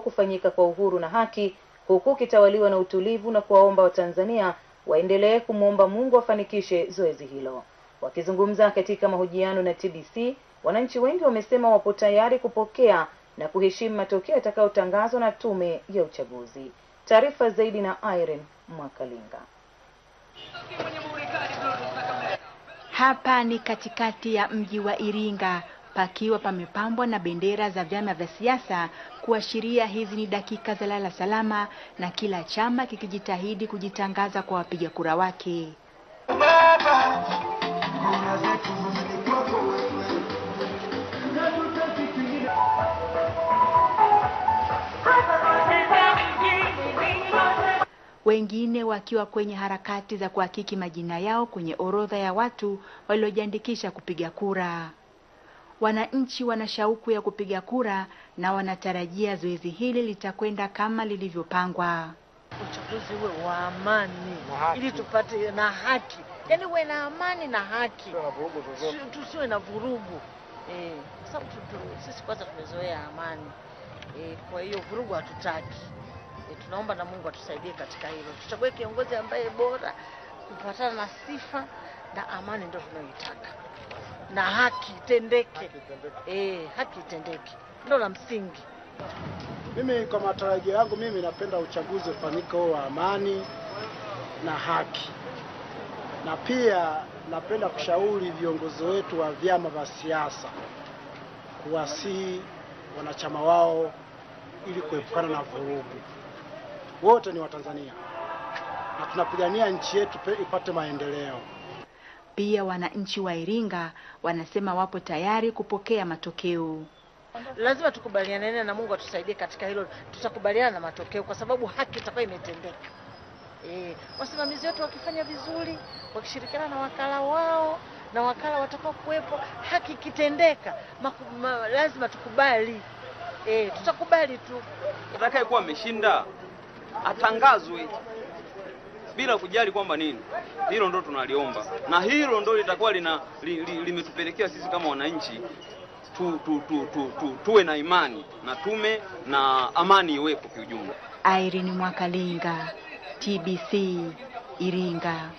kufanyika kwa uhuru na haki huku kitawaliwa na utulivu na kuwaomba Watanzania waendelee kumwomba Mungu afanikishe zoezi hilo. Wakizungumza katika mahojiano na TBC, wananchi wengi wamesema wapo tayari kupokea na kuheshimu matokeo yatakayotangazwa na Tume ya Uchaguzi. Taarifa zaidi na Irene Mwakalinga. Hapa ni katikati ya mji wa Iringa pakiwa pamepambwa na bendera za vyama vya siasa kuashiria hizi ni dakika za lala salama na kila chama kikijitahidi kujitangaza kwa wapiga kura wake. Baba, wengine wakiwa kwenye harakati za kuhakiki majina yao kwenye orodha ya watu waliojiandikisha kupiga kura. Wananchi wana shauku ya kupiga kura na wanatarajia zoezi hili litakwenda kama lilivyopangwa. Uchaguzi uwe wa amani ili tupate na haki, yaani uwe na amani na haki, tusiwe na vurugu eh, kwa sababu sisi kwanza tumezoea amani eh, kwa hiyo vurugu hatutaki. E, tunaomba na Mungu atusaidie katika hilo, tuchague kiongozi ambaye bora kupatana na sifa na amani ndio tunayoitaka na haki itendeke, eh, haki itendeke ndio la msingi. Mimi kwa matarajio yangu, mimi napenda uchaguzi ufanyike wa amani na haki, na pia napenda kushauri viongozi wetu wa vyama vya siasa kuwasihi wanachama wao ili kuepukana na vurugu. Wote ni Watanzania na tunapigania nchi yetu ipate maendeleo. Pia wananchi wa Iringa wanasema wapo tayari kupokea matokeo. Lazima tukubaliane na Mungu atusaidie katika hilo, tutakubaliana na matokeo kwa sababu haki itakuwa imetendeka. E, wasimamizi wetu wakifanya vizuri, wakishirikiana na wakala wao na wakala watakao kuwepo, haki ikitendeka ma, lazima tukubali e, tutakubali tu. Atakayekuwa ameshinda atangazwe bila kujali kwamba nini. Hilo ndo tunaliomba na hilo ndo litakuwa lina li, li, limetupelekea sisi kama wananchi tu, tu, tu, tu, tu, tuwe na imani na tume na amani iwepo kiujumla. Irene Mwakalinga, TBC Iringa.